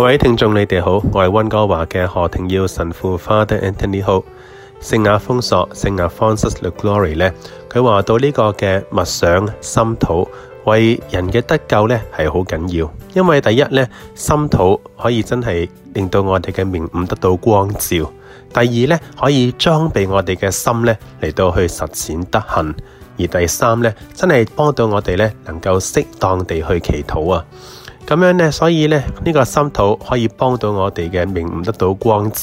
各位聽眾，你哋好，我係溫哥華嘅何庭耀神父 Father Anthony Ho，聖雅封索聖雅 Francis Le Glory 咧，佢話到呢個嘅默想心禱，為人嘅得救咧係好緊要，因為第一咧，心禱可以真係令到我哋嘅明悟得到光照；第二咧，可以裝備我哋嘅心咧嚟到去實踐德行；而第三咧，真係幫到我哋咧能夠適當地去祈禱啊！咁樣咧，所以咧呢個心土可以幫到我哋嘅明悟得到光照，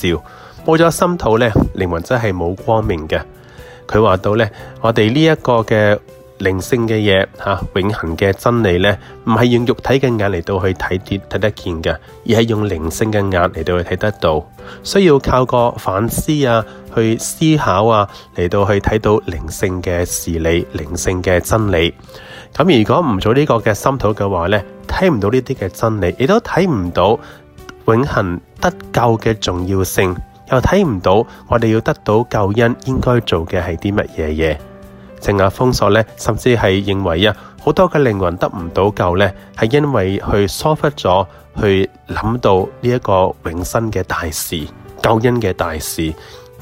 冇咗心土咧，靈魂真係冇光明嘅。佢話到咧，我哋呢一個嘅靈性嘅嘢吓，永恒嘅真理咧，唔係用肉體嘅眼嚟到去睇見睇得見嘅，而係用靈性嘅眼嚟到去睇得到，需要靠個反思啊，去思考啊嚟到去睇到靈性嘅事理，靈性嘅真理。咁如果唔做呢個嘅心禱嘅話呢，睇唔到呢啲嘅真理，亦都睇唔到永恆得救嘅重要性，又睇唔到我哋要得到救恩應該做嘅係啲乜嘢嘢。淨阿、啊、封鎖呢，甚至係認為啊，好多嘅靈魂得唔到救呢，係因為去疏忽咗去諗到呢一個永生嘅大事，救恩嘅大事。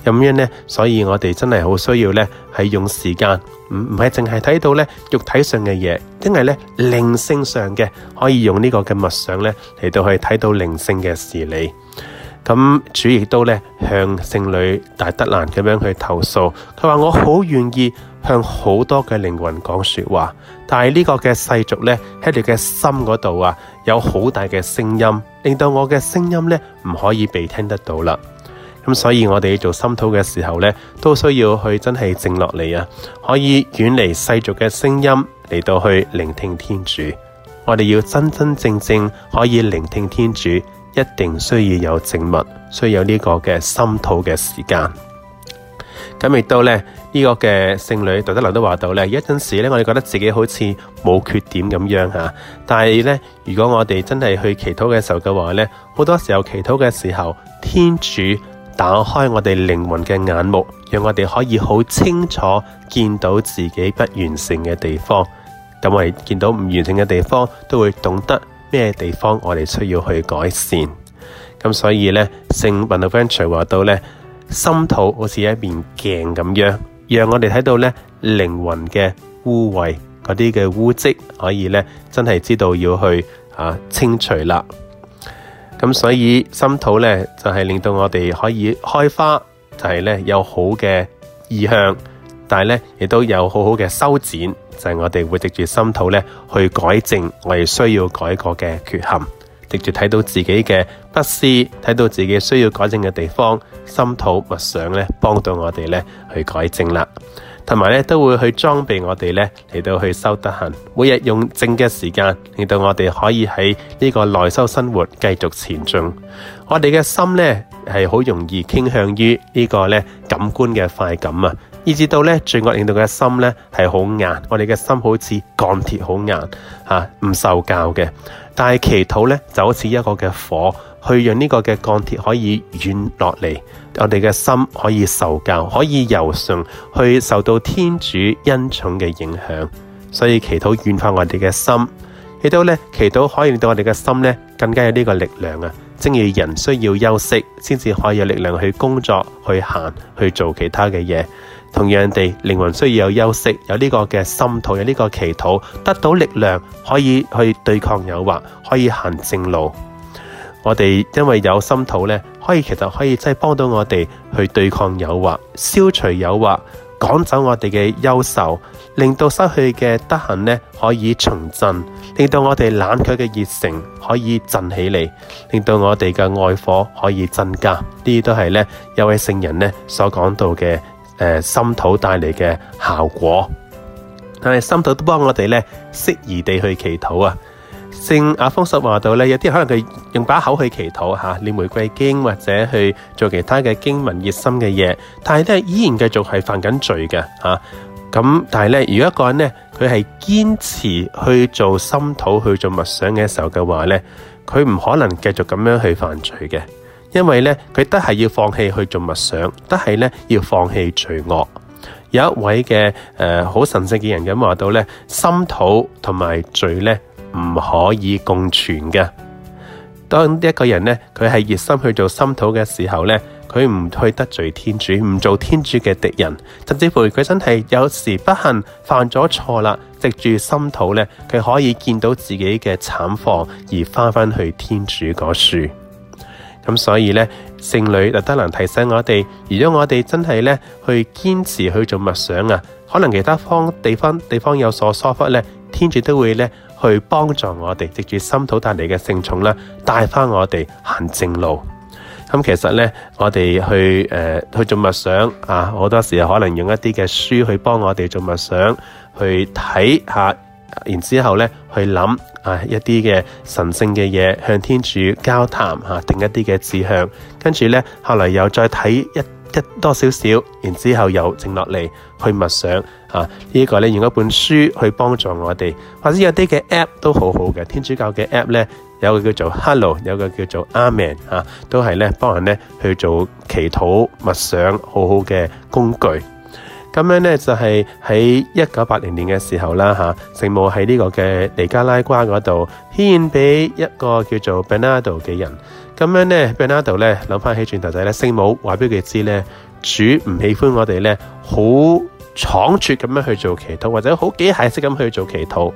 咁樣呢，所以我哋真係好需要呢，係用時間唔，唔係淨係睇到呢，肉體上嘅嘢，因為呢，靈性上嘅可以用這個呢個嘅物相呢嚟到去睇到靈性嘅事理。咁主亦都呢向聖女大德蘭咁樣去投訴，佢話：我好願意向好多嘅靈魂講説話，但係呢個嘅世俗呢，喺你嘅心嗰度啊，有好大嘅聲音，令到我嘅聲音呢唔可以被聽得到啦。咁所以，我哋做心禱嘅時候呢，都需要去真係靜落嚟啊，可以遠離世俗嘅聲音嚟到去聆聽天主。我哋要真真正正可以聆聽天主，一定需要有靜默，需要有呢個嘅心禱嘅時間。咁亦、這個、都呢，呢個嘅聖女大德蘭都話到呢：「有陣時呢，我哋覺得自己好似冇缺點咁樣吓。」但係呢，如果我哋真係去祈禱嘅時候嘅話呢，好多時候祈禱嘅時候，天主。打開我哋靈魂嘅眼目，讓我哋可以好清楚見到自己不完成嘅地方。咁我哋見到唔完成嘅地方，都會懂得咩地方我哋需要去改善。咁所以呢，聖文德方徐話到呢，心肚好似一面鏡咁樣，讓我哋睇到呢靈魂嘅污穢嗰啲嘅污跡，可以呢真係知道要去啊清除啦。咁所以心土咧就係、是、令到我哋可以開花，就係、是、咧有好嘅意向，但係咧亦都有好好嘅修剪，就係、是、我哋會藉住心土咧去改正我哋需要改過嘅缺陷，藉住睇到自己嘅不是，睇到自己需要改正嘅地方，心土物想咧幫到我哋咧去改正啦。同埋咧，都會去裝備我哋咧，嚟到去修德行。每日用正嘅時間，令到我哋可以喺呢個內修生活繼續前進。我哋嘅心咧，係好容易傾向於呢個咧感官嘅快感啊，以至到咧罪惡令到嘅心咧係好硬，我哋嘅心好似鋼鐵好硬嚇，唔受教嘅。但係祈禱咧就好似一個嘅火，去讓呢個嘅鋼鐵可以軟落嚟，我哋嘅心可以受教，可以柔順去受到天主恩寵嘅影響。所以祈禱軟化我哋嘅心，亦都咧祈禱可以令到我哋嘅心咧更加有呢個力量啊。正如人需要休息，先至可以有力量去工作、去行、去做其他嘅嘢。同樣地，靈魂需要有休息，有呢個嘅心禱，有呢個祈禱，得到力量可以去對抗誘惑，可以行正路。我哋因為有心禱呢，可以其實可以即係幫到我哋去對抗誘惑，消除誘惑，趕走我哋嘅憂愁，令到失去嘅德行呢，可以重振，令到我哋冷卻嘅熱誠可以振起嚟，令到我哋嘅愛火可以增加。呢啲都係呢有位聖人呢所講到嘅。誒、呃、心土帶嚟嘅效果，但係心土都幫我哋咧適宜地去祈禱啊。聖亞豐十話到咧，有啲可能佢用把口去祈禱嚇唸、啊、玫瑰經或者去做其他嘅經文熱心嘅嘢，但係都依然繼續係犯緊罪嘅嚇。咁、啊、但係咧，如果一個人咧佢係堅持去做心土去做默想嘅時候嘅話咧，佢唔可能繼續咁樣去犯罪嘅。因為咧，佢都係要放棄去做默想，都係咧要放棄罪惡。有一位嘅誒好神聖嘅人咁話到咧，心禱同埋罪咧唔可以共存嘅。當一個人咧，佢係熱心去做心禱嘅時候咧，佢唔去得罪天主，唔做天主嘅敵人。甚至乎佢真係有時不幸犯咗錯啦，藉住心禱咧，佢可以見到自己嘅慘況而翻翻去天主嗰處。咁所以咧，聖女就得能提醒我哋，如果我哋真係咧去堅持去做默想啊，可能其他方地方地方有所疏忽咧，天主都會咧去幫助我哋，藉住心土帶嚟嘅聖寵啦，帶返我哋行正路。咁、嗯、其實咧，我哋去、呃、去做默想啊，好多時候可能用一啲嘅書去幫我哋做默想，去睇下。然之後咧，去諗啊一啲嘅神聖嘅嘢，向天主交談定一啲嘅志向。跟住咧，後來又再睇一一多少少，然之後又靜落嚟去默想呢個個咧，用一本書去幫助我哋，或者有啲嘅 app 都好好嘅。天主教嘅 app 咧，有個叫做 Hello，有個叫做 Amen 都係咧幫人咧去做祈禱默想，好好嘅工具。咁樣咧就係喺一九八零年嘅時候啦，聖母喺呢個嘅尼加拉瓜嗰度，獻俾一個叫做 Bernardo 嘅人。咁樣咧，Bernardo 咧諗翻起轉頭仔咧，聖母話俾佢知咧，主唔喜歡我哋咧，好倉促咁樣去做祈禱，或者好機械式咁去做祈禱。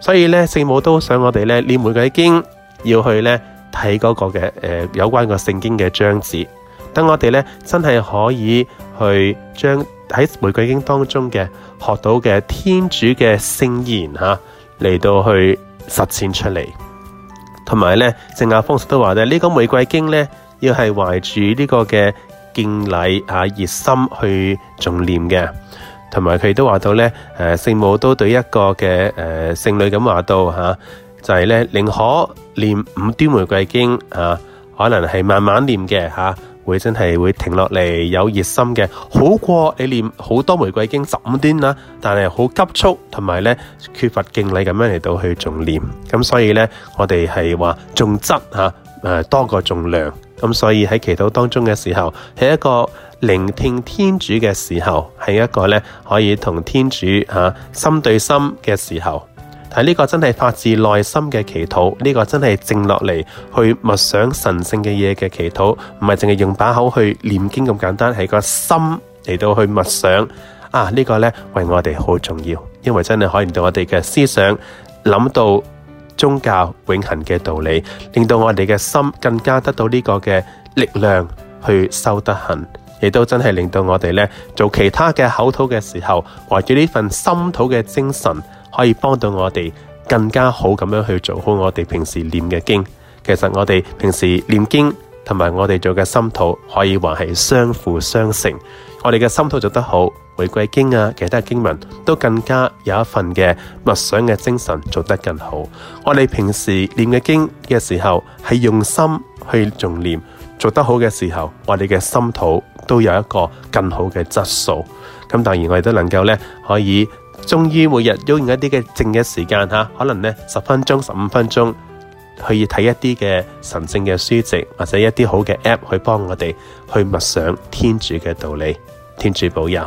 所以咧，聖母都想我哋咧，念每個經要去咧睇嗰個嘅、呃、有關個聖經嘅章節，等我哋咧真係可以去將。喺玫瑰經當中嘅學到嘅天主嘅聖言吓，嚟、啊、到去實踐出嚟。同埋咧，聖亞方士都話咧，呢、呢個玫瑰經咧要係懷住呢個嘅敬禮嚇、啊、熱心去重念嘅。同埋佢都話到咧，誒、啊、聖母都對一個嘅誒、啊、聖女咁話到吓、啊、就係、係、咧寧可念五端玫瑰經嚇、啊，可能係慢慢念嘅嚇。啊會真係會停落嚟有熱心嘅，好過你念好多玫瑰經十五端啦，但係好急促，同埋呢缺乏敬禮咁樣嚟到去仲念，咁所以呢，我哋係話重質、啊呃、多過重量，咁所以喺祈禱當中嘅時候，係一個聆聽天主嘅時候，係一個呢可以同天主、啊、心對心嘅時候。係、啊、呢、這個真係發自內心嘅祈禱，呢、這個真係靜落嚟去默想神聖嘅嘢嘅祈禱，唔係淨係用把口去念經咁簡單，係個心嚟到去默想。啊，呢、這個呢，為我哋好重要，因為真係可以令到我哋嘅思想諗到宗教永恒嘅道理，令到我哋嘅心更加得到呢個嘅力量去修德行，亦都真係令到我哋呢，做其他嘅口禱嘅時候，懷住呢份心禱嘅精神。可以幫到我哋更加好咁樣去做好我哋平時念嘅經。其實我哋平時念經同埋我哋做嘅心禱，可以話係相輔相成。我哋嘅心禱做得好，玫瑰經啊，其他經文都更加有一份嘅默想嘅精神做得更好。我哋平時念嘅經嘅時候係用心去重念；做得好嘅時候，我哋嘅心禱都有一個更好嘅質素。咁當然我哋都能夠呢可以。終於每日用一啲嘅靜嘅時間吓，可能呢十分鐘、十五分鐘，去睇一啲嘅神聖嘅書籍，或者一啲好嘅 app 去幫我哋去默想天主嘅道理。天主保佑。